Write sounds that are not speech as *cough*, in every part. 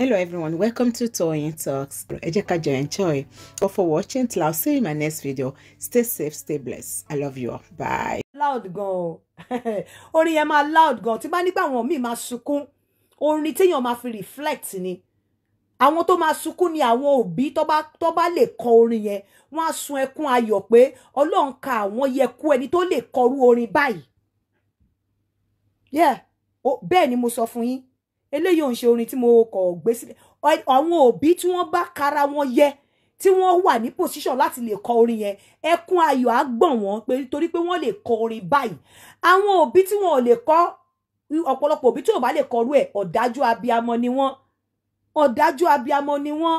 Hello everyone, welcome to Toyeen Talks. Ẹ jẹ́ ká enjoy. But for watching till I'll see you in my next video. Stay safe, stay blessed. I love you all. Bye. Loud gan-an. *laughs* Orin yẹn loud gan-an. Tí bá nígbà àwọn míì máa sunkún, orin téèyàn máa fi reflect ni. Àwọn tó máa sunkún ni àwọn òbí tó bá tó bá lè kọ orin yẹn. Wọ́n á sun ẹkún ayọ̀ pé Ọlọ́run ka àwọn yẹku ẹni tó lè kọrú orin báyìí. Yeah, bẹ́ẹ̀ ni mo sọ fún yín eléyìí ò ń ṣe orin tí mo kọ̀ gbé sílẹ̀ àwọn òbí tí wọ́n bá kara wọn yẹ tí wọ́n wà ní position láti lè kọ orin yẹn ẹkún ayọ̀ á gbọ̀n wọ́n torí pé wọ́n lè kọ orin báyìí àwọn òbí tí wọn ò lè kọ ọ̀pọ̀lọpọ̀ òbí tí ò bá lè kọrú ẹ̀ ọ̀dájú abiamọ ni wọ́n ọ̀dájú abiamọ ni wọ́n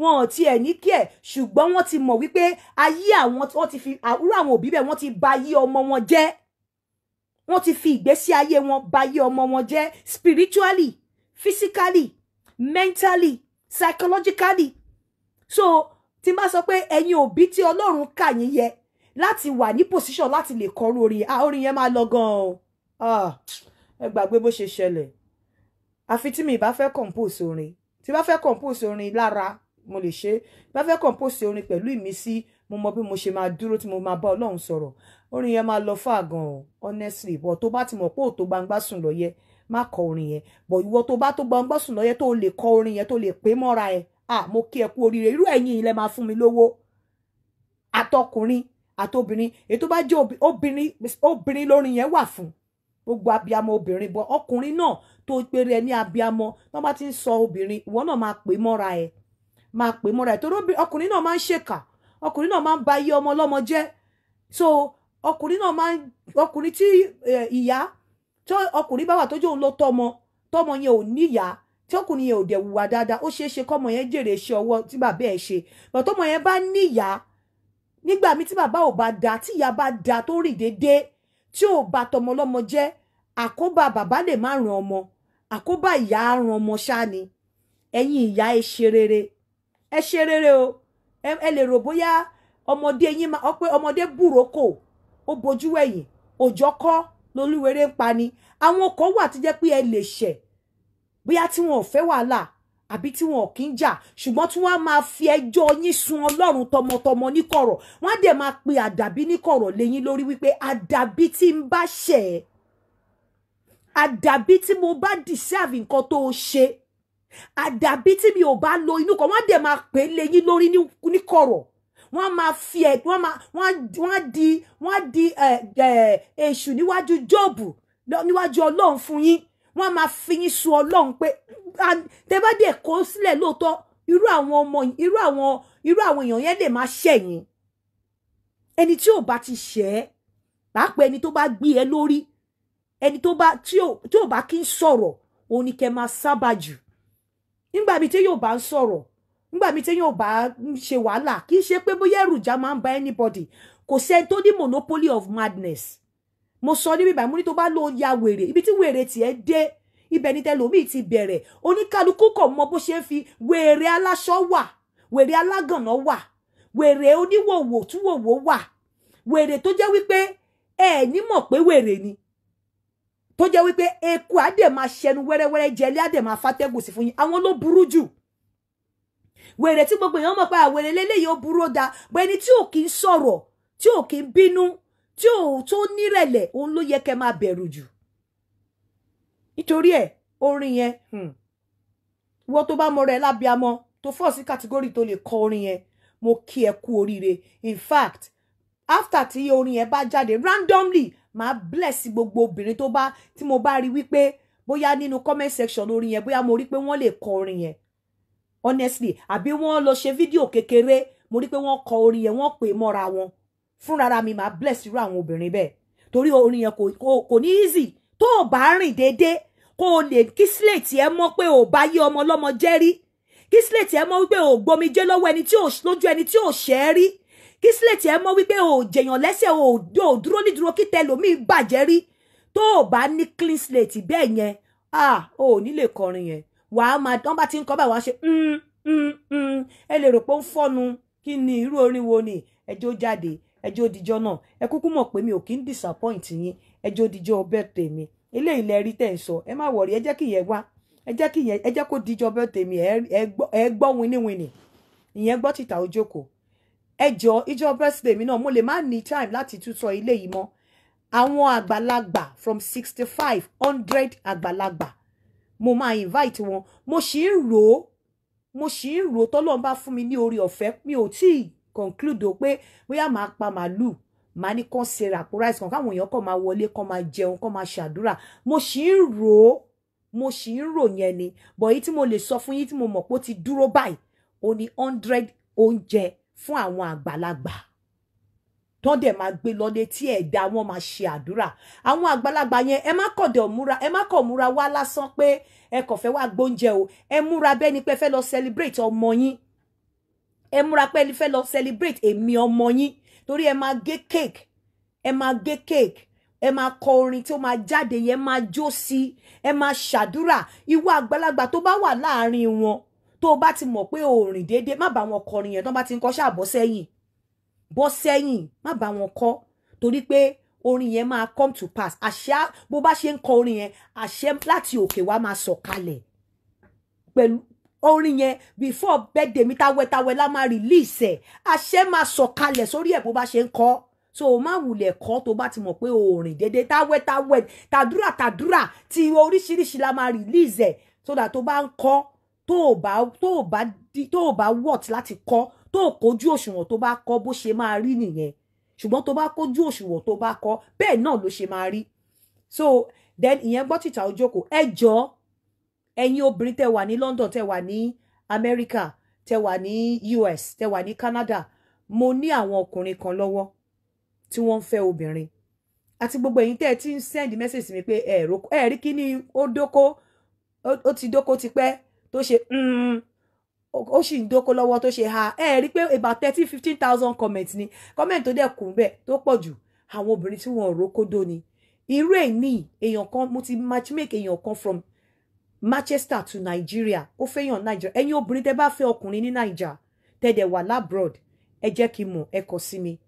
wọn ò tiẹ̀ ní kí ẹ̀ ṣùgbọ́n wọ́n ti mọ̀ wípé ayé àwọn wọ́n ti fi àwúrò àwọn òbí bẹ́ẹ̀ wọ́n ti ba ayé ọmọ wọn jẹ́ wọ́n ti fi ìgbésí ayé wọn ba ayé ọmọ wọn jẹ́ spiritually physically mentally psychologically so tí n bá sọ pé ẹ̀yin òbí tí Ọlọ́run kà yín yẹ láti wà position Lati lè kọrú orin a orin yẹn máa lọ gan o ẹ gbàgbé bó ṣe ṣẹlẹ̀ àfi tí mi bá fẹ́ compose orin tí bá fẹ́ compose orin lara mo lè ṣe bá fẹ́ compose orin pẹ̀lú ìmísí mo mọ bí mo ṣe máa dúró tí mo máa bá Ọlọ́run sọ̀rọ̀ orin yẹn máa lọ fà gan honestly but tó bá ti mọ̀ pé òtó gbangba sùn lọ yẹ má kọ orin yẹn bọ̀ ìwọ tó bá tó gbọ́ngbọ́n sùn lọ́yẹ tó lè kọ orin yẹn tó lè pé mọ́ra ẹ̀ à mo kí ẹ kú oríire irú ẹ̀yin ilẹ̀ máa fún mi lówó àtọkùnrin àtobìnrin èyí tó bá jẹ́ obìnrin obìnrin lórin yẹn wà fún gbogbo abiyamọ obìnrin bọ ọkùnrin náà tó péré ẹ ní abiyamọ tó bá ti ń sọ obìnrin ìwọ náà máa pè mọ́ra ẹ máa pè mọ́ra ẹ torí ọkùnrin náà máa ń ṣèkà ọkùnrin náà máa ń ba iye ọmọ ọlọ́mọ jẹ́ so ọkùnrin náà máa ń ọkùnrin tí ìyá tó ọkùnrin bá wà tójú òun ló tọmọ tọmọ yẹn ò níyà tí ọkùnrin yẹn ò dẹ̀ wùwà dáadáa ó ṣeé ṣe kọ́mọ yẹn jèrè iṣẹ́ ọwọ́ tí bàbá ẹ̀ ṣe bọ̀ tọmọ yẹn bá níyà nígbà mi tí bàbá ò bá da tí ìyá bá da tó rì déédéé tí ò bá tọmọ lọ́mọ jẹ́ àkóbá bàbá lè má ran ọmọ àkóbá ìyá ran ọmọ ṣáá ni ẹ̀yin ìyá ẹ ṣe rere ẹ ṣe rere o ẹ lè rò bóyá ọmọdé yín máa ọmọdé bùrókò ó bojú ẹ̀yìn òjọ́ kọ́ lolúwerè ń pa ni àwọn kan wà tó jẹ́ pé ẹ lè ṣẹ̀ bóyá tí wọn ò fẹ́ wàhálà àbí tí wọn ò kí ń jà ṣùgbọ́n tí wọ́n á máa fi ẹjọ́ yín sun ọlọ́run tọmọtọmọ níkọ̀rọ̀ wọ́n á dẹ̀ máa pe àdàbí níkọ̀rọ̀ lẹ́yìn lórí wípé àdàbí tí ń bá ṣẹ̀ àdàbí tí mo bá deserve nǹkan tó ṣe àdàbí tí mi ò bá lo inú kan wọ́n á dẹ̀ máa pè é lẹ́yìn lórí níkọ̀rọ̀ wọ́n máa fi ẹ̀ wọ́n máa wọ́n di wọ́n di èṣù níwájú jóòbù níwájú ọlọ́run fún yín wọ́n máa fi yín sun ọlọ́run pé tẹ bá dẹ̀ kó sílẹ̀ lóòótọ́ irú àwọn ọmọ irú àwọn irú àwọn èèyàn yẹn lè máa ṣẹ̀yìn ẹni tí ò bá ti ṣẹ̀ ẹ́ pàápàá ẹni tó bá gbé ẹ lórí ẹni tó bá tí ò bá kí ń sọ̀rọ̀ òun ni kẹ́ máa sábà jù nígbà bíi tí yóò bá ń sọ̀rọ̀ nígbà mi téèyàn ò bá ṣe wàhálà kì í ṣe pé bóyá èròjà máa ń ba anybody kò sẹ́ni tó ní monopoly of madness mo sọ níbi ìbàmú ní tó bá lọ ya wèrè ibi tí wèrè tiẹ̀ dé ibẹ̀ ni tẹlomi ti bẹ̀rẹ̀ oníkálukú kò mọ bó ṣe ń fi wèrè aláṣọ wà wèrè alágànná wà wèrè oníwòwò túwòwò wà wèrè tó jẹ́ wípé ẹ ní mọ̀ pé wèrè ni tó jẹ́ wípé eku á dẹ̀ máa ṣẹnu wẹ́rẹ́wẹ́rẹ́ jẹlé á dẹ̀ máa fàtẹ́gùn sí fún yín àwọn ló burú jù wèrè tí gbogbo èèyàn mọ̀ pé àwèrè ah, lélẹ́yìí ó burú ó da bọ́ ẹni tí ò kí ń sọ̀rọ̀ tí ò kí ń bínú tí ò tó nírẹ̀lẹ̀ òun ló yẹ kẹ́ máa bẹ̀rù jù nítorí ẹ orin yẹn hmm, ìwọ tó bá mọ rẹ lábíamọ tó fọ sí kàtígórì tó lè kọ orin yẹn mo kí ẹ kú oríire in fact after tí orin yẹn bá jáde randomly màá bless gbogbo obìnrin tó bá tí mo bá rí wípé bóyá nínú comment section orin yẹn bóyá mo rí pé wọ́n lè kọ orin yẹn honestly àbí wọ́n lọ ṣe fídíò kékeré mo rí pé wọ́n kọ orin yẹn wọ́n pè mọ́ra wọn fúnra mi máa bless irú àwọn obìnrin bẹ́ẹ̀ torí orin yẹn kò ní easy tó o bá rìn déédéé kó o lè kí slate ẹ mọ̀ pé o bá yí ọmọ ọlọ́mọ jẹ́ rí kí slate ẹ mọ̀ wípé o gbomi jẹ́ lọ́wọ́ o lójú ẹni tí o ṣẹ́ rí kí slate ẹ mọ̀ wípé o jèèyàn lẹ́sẹ̀ o ò dúró ní dúró kí tẹlòmíì bàjẹ́ rí tó o bá ní clean slate bẹ́ẹ̀ yẹn ah o ò ní lè kọrin yẹn wàá máa tán bá ti ń kọ́ báyìí wàá ṣe mm, mm, mm. ẹ lè rò pé ó ń fọ́nu kí ni irú orin wo ni ẹjọ́ jáde ẹjọ́ òdìjọ́ náà ẹ kúkú mọ̀ pé mi ò kí ń disappoint yín ẹjọ́ òdìjọ́ birthday mi eléyìí lẹ rí tẹ̀ ń sọ ẹ má wọ̀rí ẹ jẹ́ kí ìyẹn wá ẹ jẹ́ kí ìyẹn ẹ jẹ́ kó díjọ́ birthday mi ẹ gbọ́ winiwini ìyẹn gbọ́ títà ojókòó ẹ jọ ìjọ birthday mi náà mo lè má ní time láti tún sọ ilé yìí mọ́ àwọn àgbàlagbà from sixty five hundred àgbàlagbà mo máa invite wọn mo sì ń rò ó mo sì ń rò ó tọ́lọ́run bá fún mi ní orí ọ̀fẹ́ mi ò tí ì conclude o pé bóyá màá pa màálù màá ní kàn ṣe ràpò rice kan káwọn èèyàn kàn máa wọlé kàn máa jẹun kàn máa ṣàdúrà mo sì ń rò ó mo sì ń rò yẹn ni bọ̀ èyí tí mo lè sọ fún yín tí mo mọ̀ pé ó ti dúró báyìí ó ní hundred oúnjẹ fún àwọn àgbàlagbà tán dẹ̀ máa gbé lọlé tí ẹ̀dá wọn máa ṣe àdúrà àwọn àgbàlagbà yẹn ẹ má kọ̀dẹ̀ múra ẹ má kọ̀ múra wá lásán pé ẹ kàn fẹ́ wá gbóúnjẹ o ẹ múra bẹ́ẹ̀ ni pé fẹ́ lọ celebrate ọmọ yín ẹ múra pé ẹ fẹ́ lọ celebrate èmi ọmọ yín torí ẹ máa gé cake ẹ máa gé cake ẹ máa kọ orin tí ó máa jáde yẹn máa jó sí ẹ máa ṣàdúrà ìwọ àgbàlagbà tó bá wà láàárín wọn tó bá ti mọ̀ pé òórìn déédéé má bá wọn kọrin yẹn tó bá ti ń kọ́ ṣàbọ̀ sẹ́yìn bọ́ sẹ́yìn má bá wọn kọ́ torí pé orin yẹn máa come to pass àṣẹ bó bá ṣe ń kọ orin yẹn àṣẹ láti òkè wá máa sọ̀kalẹ̀ pẹ̀lú orin yẹn before birthday mi tawẹ́tawẹ́ la máa release ẹ̀ àṣẹ máa sọ̀kalẹ̀ sórí ẹ̀ bó bá ṣe ń kọ́ so o máa wulẹ̀ kọ́ tó bá ti mọ̀ pé orin dédé táwẹ́táwẹ́ tàdúrà tàdúrà ti oríṣiríṣi la máa release ẹ̀ so that tó bá ń kọ́ tó o bá tó o bá tó o bá wọ̀t láti kọ́ tó kójú òṣùwọ̀n tó bá kọ́ bó ṣe máa rí nìyẹn ṣùgbọ́n tó bá kójú òṣùwọ̀n tó bá kọ́ bẹ́ẹ̀ náà ló ṣe máa rí so then ìyẹn gbọ́ tìta ojókòó ẹ jọ ẹ̀yin obìnrin tẹ wà ní London tẹ wà ní America tẹ wà ní US tẹ wà ní Canada mo ní àwọn ọkùnrin kan lọ́wọ́ tí wọ́n ń fẹ́ obìnrin àti gbogbo ẹ̀yin tẹ́ ẹ ti ń send message mi pé ẹ̀ẹ́rí kí ni ó dóko ó ti dóko tipẹ́ tó ṣe mm, ó sì ń dóko lọ́wọ́ tó ṣe ha ẹ rí i pé about thirty, fifteen thousand comments. ni comment tó dẹ̀ kún bẹ́ẹ̀ tó pọ̀ jù àwọn obìnrin tí wọ́n rókódó ni irú ẹ̀ ní èèyàn kan mo ti matchmake èèyàn kan from Manchester to Nigeria ó fẹ́yàn Nigeria ẹ̀yin obìnrin tẹ́ bá fẹ́ ọkùnrin ní Niger tẹ́dẹ̀ wà labroad ẹ jẹ́ kí n mọ̀ ẹ kọ sí mi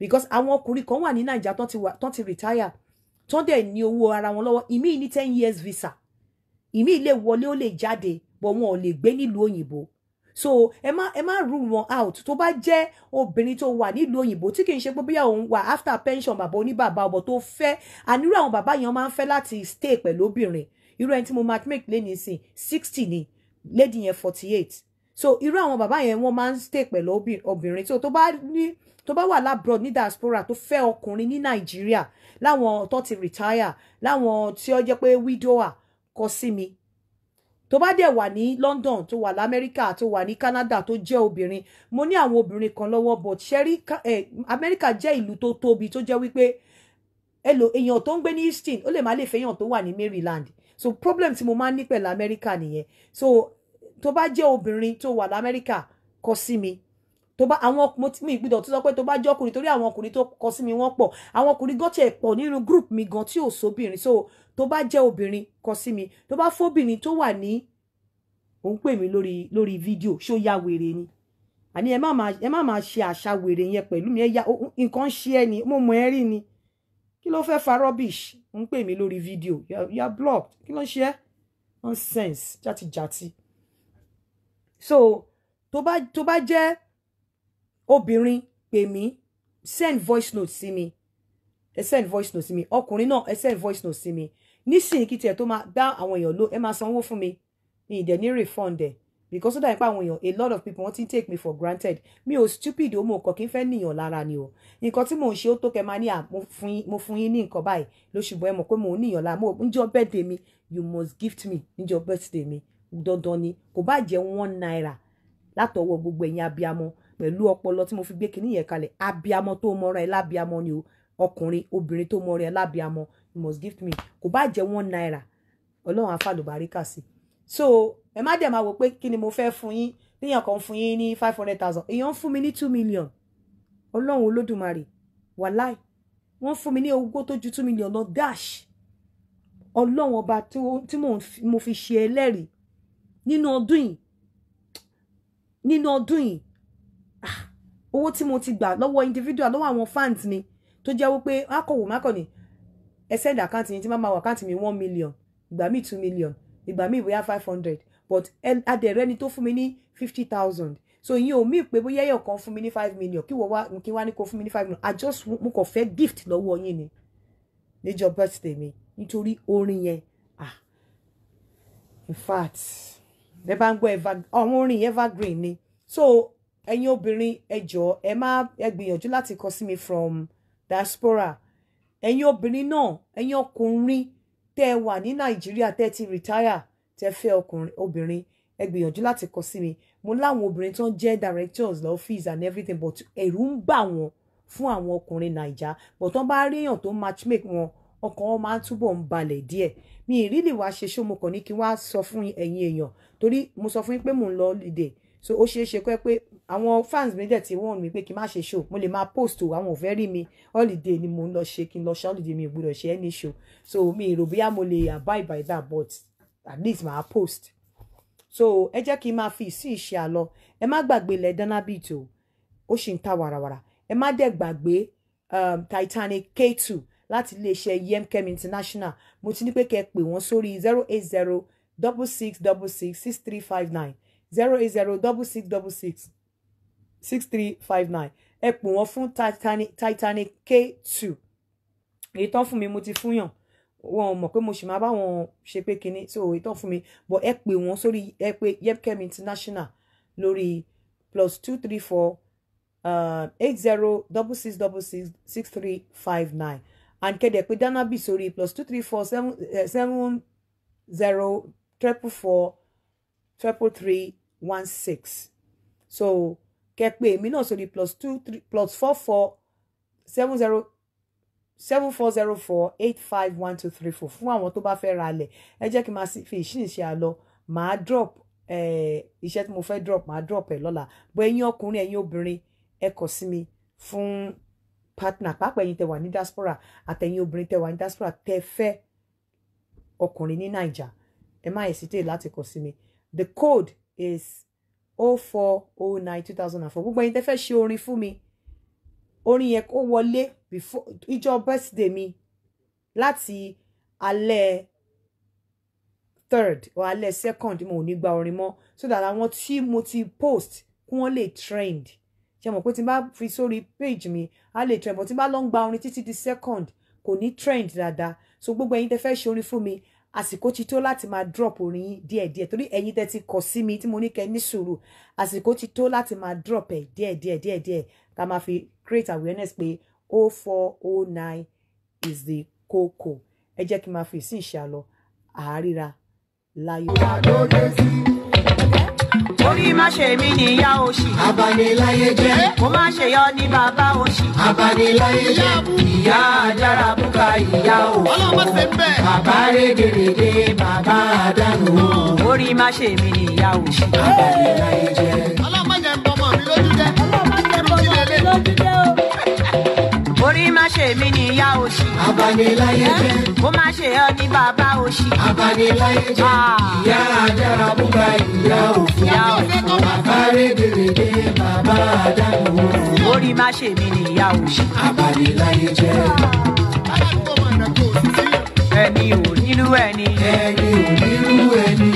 because àwọn ọkùnrin kan wà ní Niger tán ti retire tán dẹ̀ ní owó ara wọn lọ́wọ́ ìmí ní ten years visa ìmí lè wọlé ó lè jáde bọ̀ wọn ò lè gbé nílùú òyìnbó so ẹ má ẹ má rule wọn out tó bá jẹ́ obìnrin tó wà nílùú òyìnbó tí kì í ṣe pé bóyá òun wà after pension bàbá oníbàbá ọbọ tó fẹ́ ànírú àwọn bàbá yẹn máa ń fẹ́ láti stay pẹ̀lú obìnrin irú ẹni tí mo match make lé nísìn sixty ni lady yẹn forty eight so irú àwọn bàbá yẹn wọ́n máa ń stay pẹ̀lú obìnrin so tó bá ní tó bá wà labroad ní diaspora tó fẹ́ ọkùnrin ní nàìjíríà láwọn tó ti retire láwọn tí ó jẹ́ pé widower kọ sí mi tó bá dẹ̀ wà ní London tó wà lamẹ́ríkà tó wà ní Canada tó jẹ́ obìnrin mo ní àwọn obìnrin kan lọ́wọ́ but sherry eh, Amẹ́ríkà jẹ́ ìlú tó tóbi tó jẹ́ wípé èlò èèyàn tó ń gbé ní Houston ó lè má lè fẹ́yàn tó wà ní Maryland so problem tí mo máa ń ní pẹ̀lú Amẹ́ríkà nìyẹn so tó bá jẹ́ obìnrin tó wà lamẹ́ríkà kọ sí mi tó bá àwọn ọkùnrin tí mi gbọ́dọ̀ tó sọ pé tó bá jẹ́ ọkùnrin torí àwọn ọkùnrin tó kọ sí mi wọ́n pọ̀ àwọn ọkùnrin gọtì ẹ pọ̀ nínú group mi gan tí ò sóbìnrin so tó bá jẹ́ obìnrin kọ sí mi tó bá fóbìnrin tó wà ní òun pè mí lórí lórí fídíò ṣó ya wèrè ni àní ẹ má máa ẹ má máa ṣe àṣà wèrè yẹn pẹ̀lú mi ẹ ya nǹkan ṣe ẹ ni mo mọ ẹ rí ni kí ló fẹ́ fa rubbish ń pè mí lórí fídíò you blocked kí ló ṣe ẹ́ nonsense játijàti so tó bá tó bá jẹ́ obìnrin pè mí send voice note sí mi ẹ send voice note sí mi ọkùnrin náà ẹ send voice note sí mi nísìnyí kí tiẹ̀ tó máa dá àwọn èèyàn ló ẹ máa sanwó fún mi ní ìdẹ̀ ní refund ẹ̀ because ó dàbí pé àwọn a lot of people wọ́n to take me for granted mi ò stupid ó mo nǹkan kí n fẹ́ níyàn lára ni o nǹkan tí mo ń ṣe ó tó kẹ́ máa ní à mo fún yín ní nǹkan báyìí lóṣùbọ ẹ mọ̀ pé mò ń níyàn lára mo níjọ birthday mi you must gift me níjọ birthday mi dandan ni kò bá jẹ́ one naira látọwọ́ gbogbo ẹ̀yin abiyamọ pẹ̀lú ọpọlọ tí mo fi gbé kinní yẹn kalẹ̀ abiamọ tó mọra ẹ lábiamọ ni o ọkùnrin obìnrin tó mọra ẹ lábiamọ you must give me kò bá jẹ́ one naira ọlọ́run afálùbáríkà sí so ẹ má dẹ̀ máa wò pé kí ni mo fẹ́ fún yín níyàn kan fún yín ní five hundred thousand èèyàn fún mi ní two million ọlọ́run olódùmarè wàláì wọ́n fún mi ní owó tó ju two million lọ dash ọlọ́run ọba tí mo fi ṣe ẹlẹ́rìí nínú ọdún yìí nínú ọdún yìí owó tí mo ti gbà lọ́wọ́ individual lọ́wọ́ àwọn fans ni tó jẹ́ wípé akọ̀wò mákọ̀ni ẹ send account yẹn tí máa ma wọ account mi one million ìgbà míì two million ìgbà míì bóyá five hundred but adẹ̀rẹ́ ni tó fún mi ní fifty thousand so ìyẹn ò mí pé bóyá ẹ̀yọ̀ kan fún mi ní five million kí wọ́n wá kí wọ́n á ní kó fún mi ní five million i just mo kàn fẹ́ gift lọ́wọ́ yín ni níjọ́ birthday mi nítorí orin yẹn ah in fact ẹ bá ń gbọ́ àwọn orin evergreen ni so ẹ̀yin obìnrin ẹ jọ̀ọ́ ẹ má ẹ gbìyànjú láti kọ sí mi from diaspora ẹ̀yin obìnrin náà ẹ̀yin ọkùnrin tẹ́ ẹ wà ní nàìjíríà tẹ́ ẹ ti retire tẹ́ ẹ fẹ́ obìnrin ẹ gbìyànjú láti kọ sí mi mo láwọn obìnrin tó ń jẹ́ directors fees and everything but ẹ̀rù ń bà wọ́n fún àwọn ọkùnrin naija but wọ́n bá rí èèyàn tó matchmake wọn ọkàn wọn máa ń túbọ̀ ń balẹ̀ díẹ̀ mi ìrírí wàá ṣe ṣó mo kàn ní kí wàá sọ fún ẹ̀yin èèyàn torí mo sọ fún yín pé mò ń lọ holiday so ó ṣeé ṣe pé àwọn fans mi dẹ̀ ti warn mi pé kí n má ṣe show mo lè máa post o àwọn ò fẹ́ rí mi holiday ni mo ń lọ ṣe kí n lọ ṣe holiday mi ò gbọdọ̀ ṣe any show so mi ì rò bóyá mo lè abide by that but at least màá post so ẹ jẹ́ kí n máa fi ìsí ìṣe àlọ ẹ má gbàgbé ilẹ̀ danabit o ó sì ń ta wàràwàrà ẹ má dẹ̀ gbàgbé um, Titanic K2 láti iléeṣẹ́ Yemkem International mo ti ní pé kẹ́ ẹ pè wọ́n sórí zero eight zero double six double six six three five nine zero eight zero double six double six six three five nine ẹ pò wọ́n fún Titanic Titanic k two èyí tán fún mi mo ti fún yàn wọn mọ̀ pé mo sì máa bá wọn ṣe pé kinní so èyí tán fún mi but ẹ pè wọ́n sórí ẹ pè Yepkem International lórí plus two three four uh, eight zero double six double six six three five nine and kéde pé bi sórí plus two three four seven eh, seven zero triple four triple three one six so kẹ pé èmi náà sórí plus two three plus four four seven zero seven four zero four eight five one two three four fún àwọn tó bá fẹ́ ra alẹ̀ ẹ jẹ́ kí n máa fi ìṣìṣe àlọ́ màá drop iṣẹ́ tí mo fẹ́ drop màá drop ẹ̀ lọ́la bó ẹ̀yin ọkùnrin ẹ̀yin obìnrin ẹ kọ sí mi fún partner pàápàá ẹ̀yin tẹ́ wà ní diaspora àtẹ̀yin obìnrin tẹ́ wà ní diaspora tẹ́ fẹ́ ọkùnrin ní naija ẹ má hesitate láti kọ sí mi the code is 0409 2004 gbogbo ẹ̀yin tẹ́ fẹ́ ṣe orin fún mi orin yẹn kó wọlé ìjọ birthday mi láti alẹ́ third or alẹ́ second mo ò ní gba orin mọ́ so that àwọn tí mo ti post kí wọ́n lè trend ṣe mọ̀ pé tí n bá fi sórí page mi a lè trend but tí n bá lọ ń gba orin títí di second kò ní trend dáadáa so gbogbo ẹ̀yin tẹ́ fẹ́ ṣe orin fún mi àsìkò ti tó láti máa drop orin yín díẹ̀díẹ̀ torí ẹ̀yin tẹ́ ti kọ sí mi tí mo ní kẹ́ ní sùúrù àsìkò ti tó láti máa drop ẹ̀ díẹ̀díẹ̀ díẹ̀díẹ̀ ká máa fi create awareness pé o oh four o oh nine is the kókó ẹ jẹ́ kí n máa fi sí ìṣàlọ àárira láyé orí má ṣe mí níyà òṣì. abaniláyé jẹ́. Eh, mo má ṣe yọ ní bàbá òṣì. abaniláyé jẹ́. ìyá ajára búka ìyá o. ọlọ́mọ ṣe bẹ́ẹ̀. bàbá régedèdè bàbá àdánù. orí má ṣe mí níyà òṣì. abaniláyé jẹ́. ọlọ́mọ yẹn bọmọ mi lójú jẹ́. ọlọ́mọ yẹn bọmọ mi lójú jẹ́ o ṣe mí ní ìyá òṣì. abaniláyé jẹ́. kó má ṣe ọ ní bàbá òṣì. abaniláyé jẹ́. Ah. ìyá ajára búba ìyá òfin. ìyá òfin. bàbá rédèrèdè bàbá àdánù. orí má ṣe mí ní ìyá òṣì. abaniláyé jẹ́. ẹni ò nílú ẹni. ẹni ò nílú ẹni.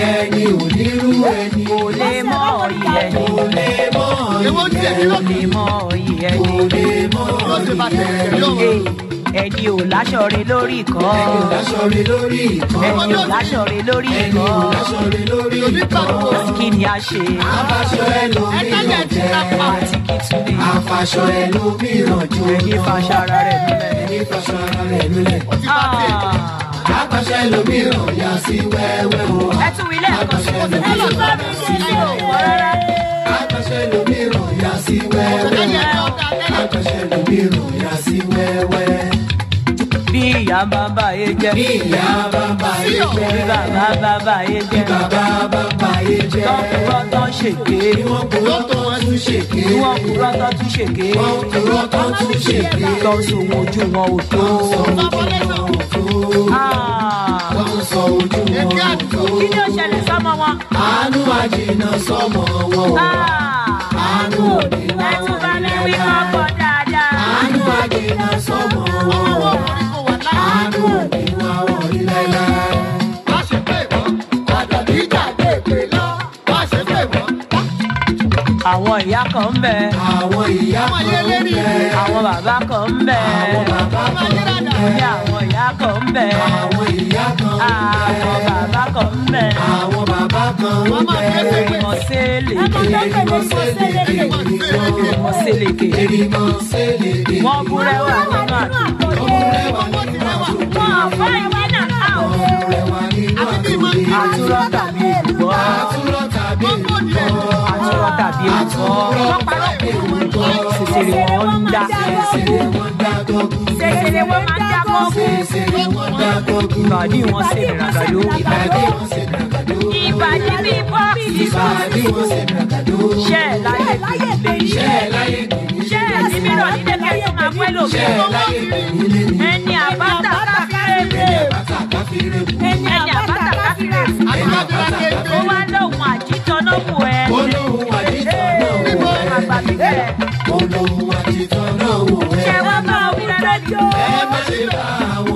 ẹni onírú ẹni. kò lè mọ òyì ẹni. kò lè mọ òyì ẹni. kò lè mọ òyì ẹni. kò lè mọ òyì ẹni ẹni ò láṣọre lórí ìkọ́. ẹni ò láṣọre lórí ìkọ́. ẹni ò láṣọre lórí ìkọ́. ẹni ò láṣọre lórí ìkọ́. kí ni a ṣe. afaṣọ ẹlòmíràn jẹ. àti kìtìlì. afaṣọ ẹlòmíràn jẹ. ẹni faṣọ ara rẹ̀ lulẹ̀. ẹni faṣọ ara rẹ̀ lulẹ̀. ó ti bá tẹ̀. Ah akọṣẹ lomi ò yà sí wẹ́wẹ́ o akọṣẹ lomi ò yà sí wẹ́wẹ́ akọṣẹ lomi ò yà sí wẹ́wẹ́ akọṣẹ lomi ò yà sí wẹ́wẹ́ bí ìyá bá bá yé jẹ́. bí ìyá bá bá yé jẹ́. bí bàbá bá bá yé jẹ́. bí bàbá bá bá yé jẹ́. tọ́ kúrọ́ tọ́ ṣèké. wọ́n kúrọ́ tọ́ tún ṣèké. wọ́n kúrọ́ tọ́ tún ṣèké. wọ́n kúrọ́ tọ́ tún ṣèké. tọ́ sòwò ojú wọn ò tó. tọ́ sòwò ojú wọn ò tó. Ah. wọ́n ń sọ ojú wọn. kí ni ó ṣẹlẹ̀ sọ́mọ wọn. àánú àjìnà sọ́mọ wọn. Ah. àwọn ìyá kan ń bẹ. àwọn ìyá kan ń bẹ. àwọn bàbá kan ń bẹ. àwọn bàbá kan ń bẹ. ní àwọn ìyá kan ń bẹ. àwọn ìyá kan ń bẹ. àwọn bàbá kan ń bẹ. àwọn bàbá kan ń bẹ. ènìmọ̀ sẹ́lẹ̀kẹ̀. ènìmọ̀ sẹ́lẹ̀kẹ̀. ènìmọ̀ sẹ́lẹ̀kẹ̀. ènìmọ̀ sẹ́lẹ̀kẹ̀. wọ́n búrẹ́ wà nínú àtúntò. wọ́n búrẹ́ wà nínú àtúntò. wọ́n àfọ ìwé náà. wọ́n búrẹ́ wà nínú àtúntò. àtúrọ̀ tàbí ìgbọ́. àtúrọ̀ tàbí ìgbọ́ tí wọ́n dàbí olùkọ́ wọ́n parọ́ pé olùkọ́ ṣèṣèrè wọn ń dá ṣèṣèrè wọn máa ń dá kọ́kú ìbàdí wọn ṣe ìràgàdo ìbàdí bí bọ́ọ̀sì ìbàdí wọn ṣe ìràgàdo ṣẹ́ ẹ̀ láyé kò ní ṣẹ́ ẹ̀ láyé kò ní ṣẹ́ ẹ̀ ní mìíràn ní dẹ́kẹ́ tó máa pẹ́ lòmí ẹni àbáta káfíńrè ẹni àbáta káfíńrè ó wá lọ́wọ́. níbẹ̀. olóhùn àti tọ́lọ́wọ́ ẹ̀. ṣé wọ́n bá wúlò lójú. ẹ má ṣe bá àwọn.